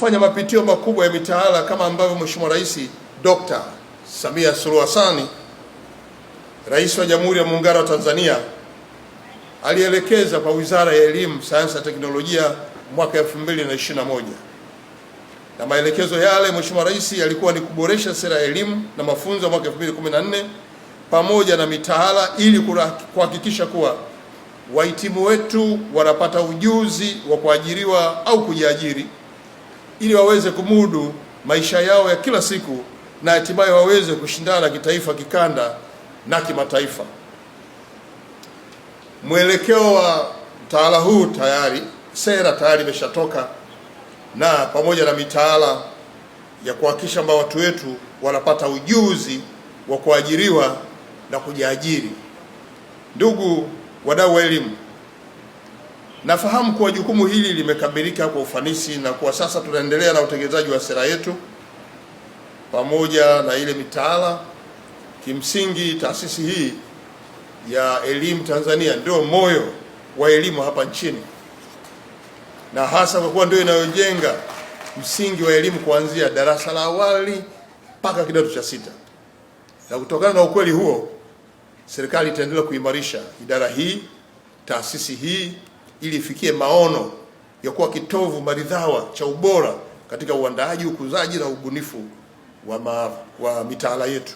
kufanya mapitio makubwa ya mitaala kama ambavyo Mheshimiwa Rais Dr. Samia Suluhu Hassan, Rais wa Jamhuri ya Muungano wa Tanzania, alielekeza kwa Wizara ya Elimu, Sayansi na Teknolojia mwaka 2021 na maelekezo yale Mheshimiwa Rais yalikuwa ni kuboresha sera ya elimu na mafunzo ya mwaka 2014 pamoja na mitaala ili kuhakikisha kuwa wahitimu wetu wanapata ujuzi wa kuajiriwa au kujiajiri ili waweze kumudu maisha yao ya kila siku na hatimaye waweze kushindana kitaifa, kikanda na kimataifa. Mwelekeo wa mtaala huu tayari, sera tayari imeshatoka na pamoja na mitaala ya kuhakikisha kwamba watu wetu wanapata ujuzi wa kuajiriwa na kujiajiri. Ndugu wadau wa elimu Nafahamu kuwa jukumu hili limekamilika kwa ufanisi na kwa sasa tunaendelea na utekelezaji wa sera yetu pamoja na ile mitaala. Kimsingi, taasisi hii ya elimu Tanzania ndio moyo wa elimu hapa nchini na hasa kwa kuwa ndio inayojenga msingi wa elimu kuanzia darasa la awali mpaka kidato cha sita. Na kutokana na ukweli huo, serikali itaendelea kuimarisha idara hii, taasisi hii ili ifikie maono ya kuwa kitovu maridhawa cha ubora katika uandaaji, ukuzaji na ubunifu wa, wa mitaala yetu.